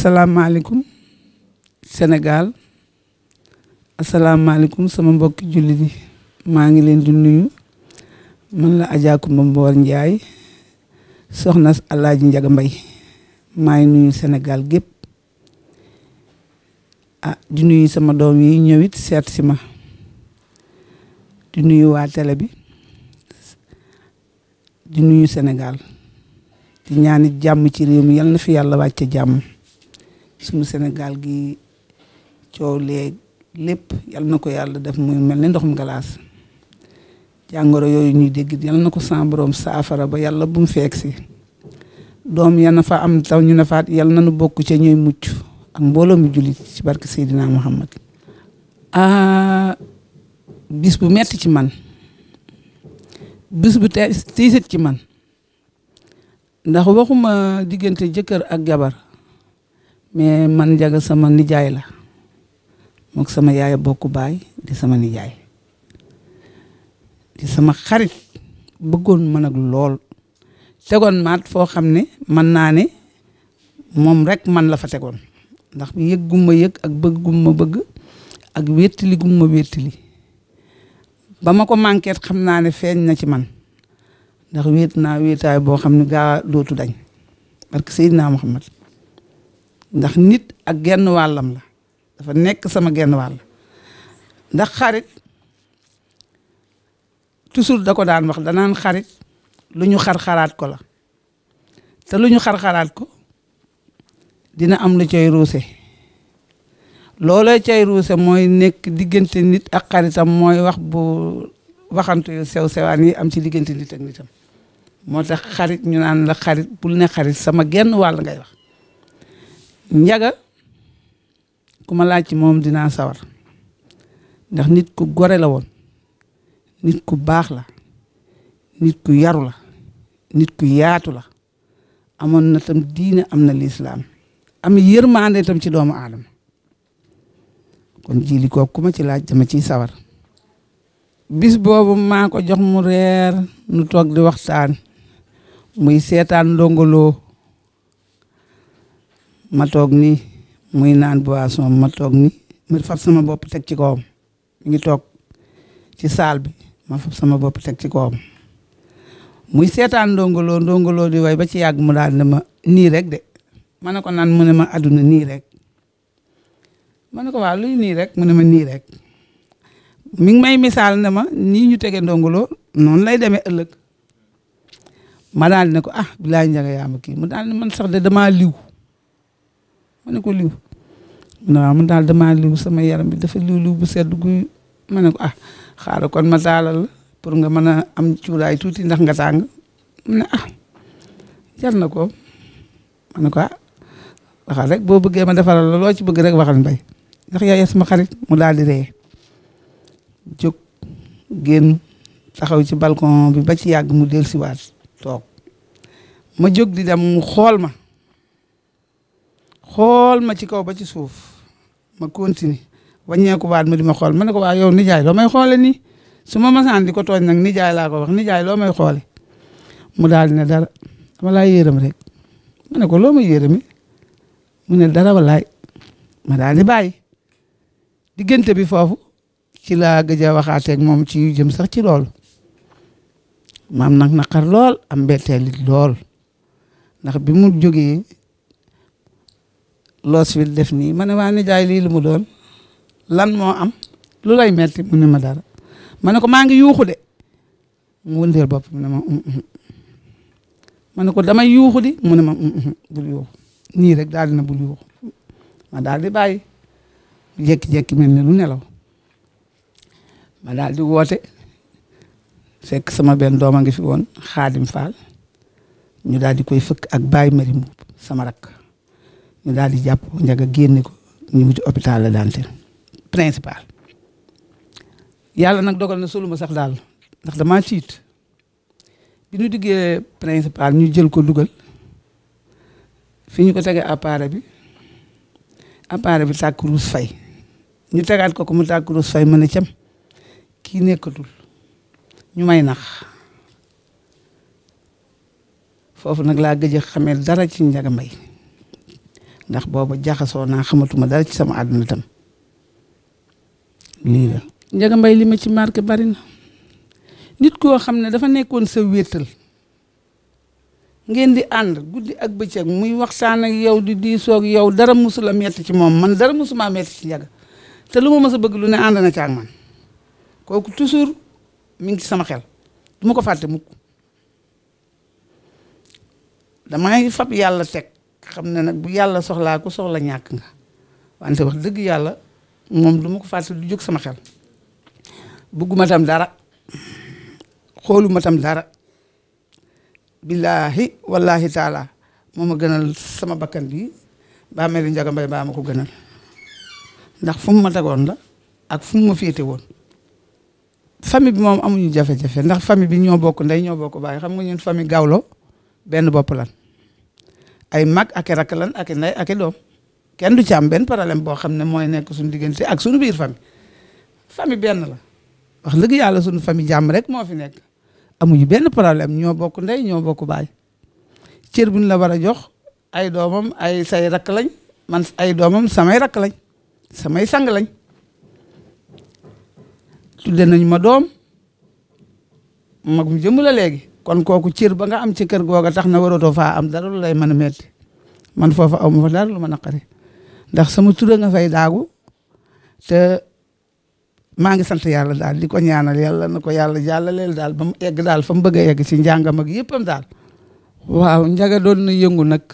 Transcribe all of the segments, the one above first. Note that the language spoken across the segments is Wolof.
asalaamaaleykum Sénégal asalaamaaleykum sama mbokki jullit yi maa ngi leen di nuyu man la Adja Kumba Mboor Njaay soxna Alaaji Njaga Mbay maa ngi nuyu Sénégal gépp ah di nuyu sama doom yi ñëwit seet si ma di nuyu waa télé bi di nuyu Sénégal di ñaani jàmm ci réew mi yal na fi yàlla wàcce jàmm suñu senegal gi coow leeg lépp yal na ko yàlla def muy mel ni ndoxum galaas jàngoro yooyu ñuy dégg yal na ko sa borom saafara ba yàlla bu mu si doom ya na fa am taw ñu ne faat yal na nu bokk ca ñooy mucc ak mbooloo mi jullit ci barke Seydina Muhammad ah bis bu metti ci man bis bu tiisit ci man ndax waxuma diggante jëkkër ak jabar mais man njaga sama nijaay la mook sama yaay bokku baay di sama nijaay di sama xarit bëggoon ma nag lool tegoon maat foo xam ne man naa ne moom rek man la fa tegoon ndax yëg gumma yëg ak bëgg gumma bëgg ak wéttili gumma wéttili ba ma ko manqué xam naa ne feeñ na ci man ndax wéet naa wéetaay boo xam ne gaa dootu dañ parce que Seydina Muhammad ndax nit ak genn wàllam la dafa nekk sama genn wàll ndax xarit toujours da ko daan wax danaan xarit lu ñu xar-xaraat ko la te lu ñu xar-xaraat ko dina am lu cay ruuse looloo cay ruuse mooy nekk diggante nit ak xaritam mooy wax bu waxantu yu sew sewaan yi am ci diggante nit ak nitam moo tax xarit ñu naan la xarit bul ne xarit sama genn wàll ngay wax njaga ku ma laaj ci moom dinaa sawar ndax nit ku gore la woon nit ku baax la nit ku yaru la nit ku yaatu la amoon na tam diine am na lislaam am yërmaande tam ci doomu aadama kon jili ko ku ma ci laaj dama ciy sawar bis boobu maa ko jox mu reer nu toog di waxtaan muy seetaan ndongoloo ma toog nii muy naan boisson ma toog nii ma sama bopp teg ci kawam mi ngi toog ci saal bi ma fab sama bopp teg ci kawam muy seetaan Ndongo Lo Ndongo di way ba ci yàgg mu daal ne ma nii rek de ma ne ko naan mu ne ma àdduna nii rek ma ne ko waa luy nii rek mu ne ma nii rek mi ngi may misaal ne ma nii ñu tege Ndongo Lo noonu lay demee ëllëg ma daal ne ko ah bilaay njaga yaa kii mu daal ne man sax de damaa liw ma ne ko liw mu mun daal dama liw sama yaram bi dafa liw sedd guy ma ne ko ah xaaral kon ma taalal la pour nga mën a am cuuraay tuuti ndax nga tàng mu ne ah jar na ko ma ne ko ah, rek boo bëggee ma defaral la loo ci bëgg rek waxal mbay ndax yaay sama xarit mu daal di ree jóg génn taxaw ci balkon bi ba ci yàgg mu dellusiwaat toog ma jóg di dem mu xool ma xool ma ci kaw ba ci suuf ma continue wàññeeku waat ma di ma xool ma ne ko waa yow nijaay loo may xoole ni suma ma masaan di ko tooñ nag nijaay laa ko wax nijaay loo may xoole mu daal di ne dara dama laay yërëm rek ma ne ko loo may yërëmi mu ne dara walaay ma daal di bàyyi diggante bi foofu ci laa gëj a waxaateeg moom ci yu jëm sax ci loolu maam nag naqar lool am mbetteel it lool ndax bi mu jógee loos wi def nii ma ne waa nijaay lii lu mu doon lan moo am lu lay melti mu ne ma dara ma ne ko maa ngi yuuxu de mu wëndeel bopp mu ne ma mm, mm, mm. ma ne ko damay yuuxu di mu ne ma bul yuuxu nii rek daal dina bul yuuxu ma daal di bàyyi jékki mel ni lu nelaw ma daal woote fekk sama benn doom a ngi fi woon xaadim faal ñu daal koy fëkk ak bàyyi mari muub sama rakk ñu daal di jàpp njaga génne ko ñu ngi ci hôpital la daante principal yàlla nag dogal na soluma sax daal ndax damaa tiit bi ñu diggee principal ñu jël ko dugal fi ñu ko tegee appareil bi appareil bi tàkk ruus fay ñu tegaat ko ko mu tàkk ruus fay mën na cem kii nekkatul ñu may nax foofu nag laa gëj a xamee dara ci Njaga Mbay ndax boobu jaxasoo naa xamatuma dara ci sama àdduna tam lii la. Njaga Mbay li ma ci marqué bari na nit koo xam ne dafa nekkoon sa wéttal ngeen di ànd guddi ak bëccëg muy waxtaan ak yow di diisoo ak yow dara musu la metti ci moom man dara musuma metti ci Njaga te lu ma mës a bëgg lu ne ànd na ci man kooku toujours mi ngi ci sama xel du ma ko fàtte mukk damay fab yàlla teg. xam na nag bu yàlla soxlaa ku soxla ñàkk nga wante wax dëgg yàlla moom du ma ko fàtte du jóg sama xel bëgguma tam dara xooluma tam dara billaahi wallaahi taala moo ma gënal sama bakkan bi baa mel ni Njaga Mbay baa ma ko gënal ndax fu mu ma tegoon la ak fu ma ma féete woon famille bi moom amuñu jafe-jafe ndax famille bi ñoo bokk ndey ñoo bokk baay xam nga ñun famille Gawlo benn bopp lan ay mag ak i rakk lan ak i ndey doom kenn du ci am benn problème boo xam ne mooy nekk suñu diggante ak suñu biir famille famille benn la wax dëgg yàlla suñu famille jàmm rek moo fi nekk amuñu benn problème ñoo bokk ndey ñoo bokk baay cër buñ la war a jox ay doomam ay say rakk lañ man ay doomam samay rakk lañ samay sang lañ tudde nañ ma doom ma mu jëmm la léegi kon kooku cër ba nga am ci kër googa tax na waratoo faa am dara lay man a metti man foofa aw ma fa dara lu ma naqari ndax sama tura nga fay daagu te maa ngi sant yàlla daal di ko ñaanal yàlla na ko yàlla jàllaleel daal ba mu egg daal fa mu bëgg egg ci njàngam ak yëppam daal. waaw njaga doon na yëngu nag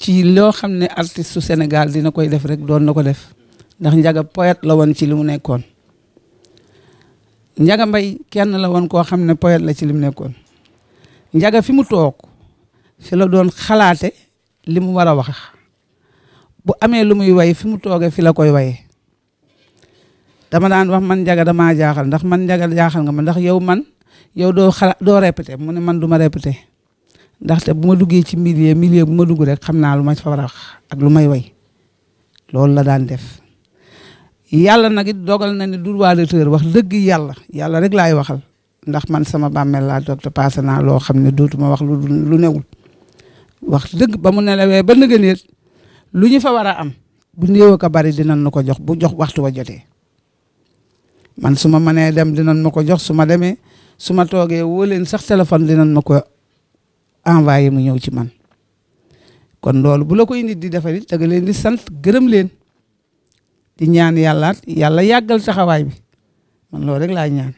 ci loo xam ne artiste senegal dina koy def rek doon na ko def ndax njaga poète la woon ci li mu nekkoon. Njaga Mbay kenn la won koo xam ne poète la ci lim nekkoon Njaga fi mu toog fi la doon xalaate li mu war a wax bu amee lu muy way fi mu toogee fi la koy waye dama daan wax man Njaga damaa jaaxal ndax man Njaga jaaxal nga ma ndax yow man yow doo xala doo répété mu ne man du ma répété ndaxte bu ma duggee ci milieu milieu bu ma dugg rek xam naa lu ma fa war a wax ak lu may way loolu la daan def yàlla nag it dogal na ne du waa Lutteur wax dëgg yàlla yàlla rek laay waxal ndax man sama bàmmeel laa toog ta paase naa loo xam ne dootuma wax lu lu newul wax dëgg ba mu nelawee ba nëgëneet lu ñu fa war a am bu néew ko bari dinañ nu ko jox bu jox waxtu wa jote man su ma mënee dem dinañ ma ko jox su ma demee su ma toogee woo leen sax téléphone dinañ ma ko envoyé mu ñëw ci man kon loolu bu la koy nit di defal it da leen di sant gërëm leen di ñaan yàllaat yàlla yàggal taxawaay bi man loolu rek laay ñaan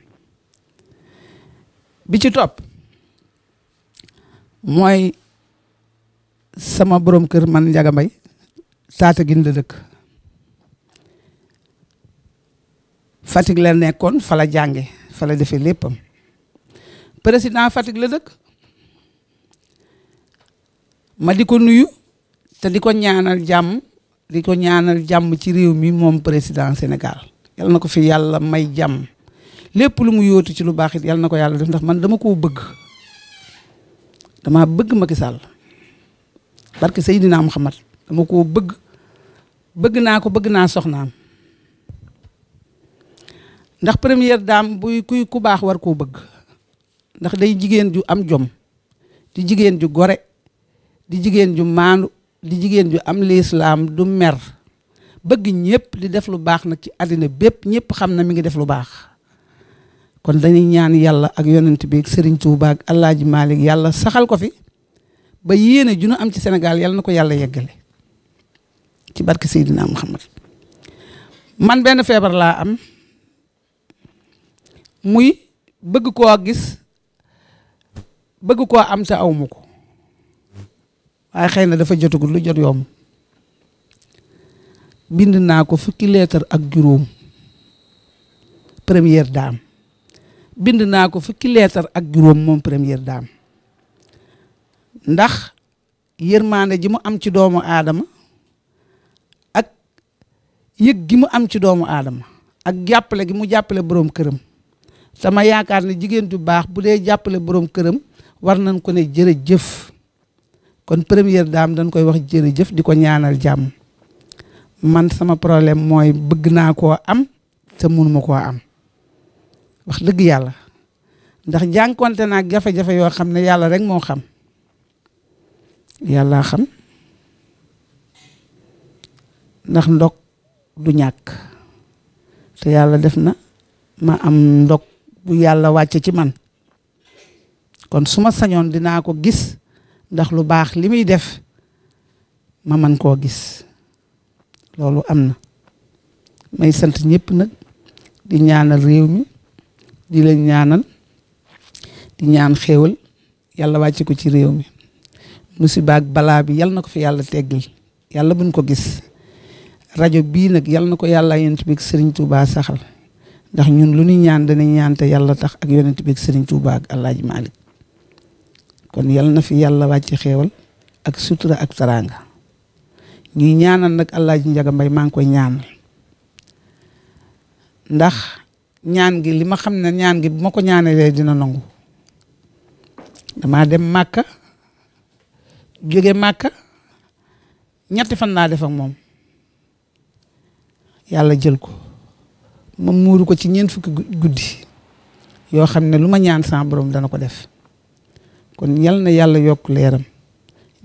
bi ci topp mooy sama boroom kër man Njaga Mbay Tataguine la dëkk Fatick la nekkoon fala la jànge fa la defee léppam président Fatick la dëkk ma di ko nuyu te di ko ñaanal jàmm di ko ñaanal jàmm ci réew mi moom président Sénégal yal na ko fi yàlla may jàmm lépp lu mu yootu ci lu baax it yal na ko yàlla def ndax man dama koo bëgg dama bëgg Macky Sall barke Seydina Muhammad dama koo bëgg bëgg naa ko bëgg naa soxnaam ndax première daam buy kuy ku baax war koo bëgg ndax day jigéen ju am jom di jigéen ju gore di jigéen ju maandu di jigéen ju am lislaam du mer bëgg ñëpp di def lu baax nag ci àddina bépp ñëpp xam na mi ngi def lu baax kon dañuy ñaan yàlla ak yonent bi ak Serigne Touba ak Alaaji yàlla saxal ko fi ba yéene ju nu am ci Sénégal yàlla na ko yàlla yeggale ci barke Seydina Muhammad man benn feebar laa am muy bëgg koo gis bëgg koo am te awma ko ay xëy na dafa jotagul lu jot yomb bind naa ko fukki leetar ak juróom première daam bind naa ko fukki leetar ak juróom moom première daam ndax yërmaande ji mu am ci doomu aadama ak yëg gi mu am ci doomu aadama ak jàppale gi mu jàppale boroom këram sama yaakaar ne jigéen ju baax bu dee jàppale boroom këram war nañ ko ne jërëjëf kon première daam dañ koy wax jëf di ko ñaanal jàmm man sama problème mooy bëgg naa koo am te mënuma koo am wax dëgg yàlla ndax jànkonte naa jafe-jafe yoo xam ne yàlla rek moo xam yàlla xam ndax ndog du ñàkk te yàlla def na ma am ndog bu yàlla wàcce ci man kon su sañoon dinaa ko gis ndax lu baax li muy def ma man koo gis loolu am na may sant ñëpp nag di ñaanal réew mi di leen ñaanal di ñaan xéewal yàlla wàcc ko ci réew mi musiba ak balaa bi yal na ko fi yàlla teggil yàlla buñ ko gis rajo bii nag yal na ko yàlla yonent bi ak Serigne Touba saxal ndax ñun lu ñu ñaan dana ñaan te yàlla tax ak yonent bi ak sëriñ Touba ak El Hadj kon yal na fi yàlla wàcce xéewal ak sutura ak taraanga ñuy ñaanal nag Alaaji Njaga Mbay maa ngi koy ñaanal ndax ñaan gi li ma xam ne ñaan gi bu ma ko ñaanalee dina nangu damaa dem màkka jóge màkka ñetti fan laa def moom yàlla jël ko ma muuru ko ci ñeent fukki guddi yoo xam ne lu ma ñaan sama borom dana ko def kon ñal na yàlla yokk leeram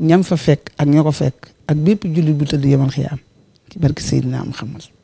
ñam fa fekk ak ña ko fekk ak bépp jullit bu tëdd yemal xiyaam ci barke Seydina Muhammad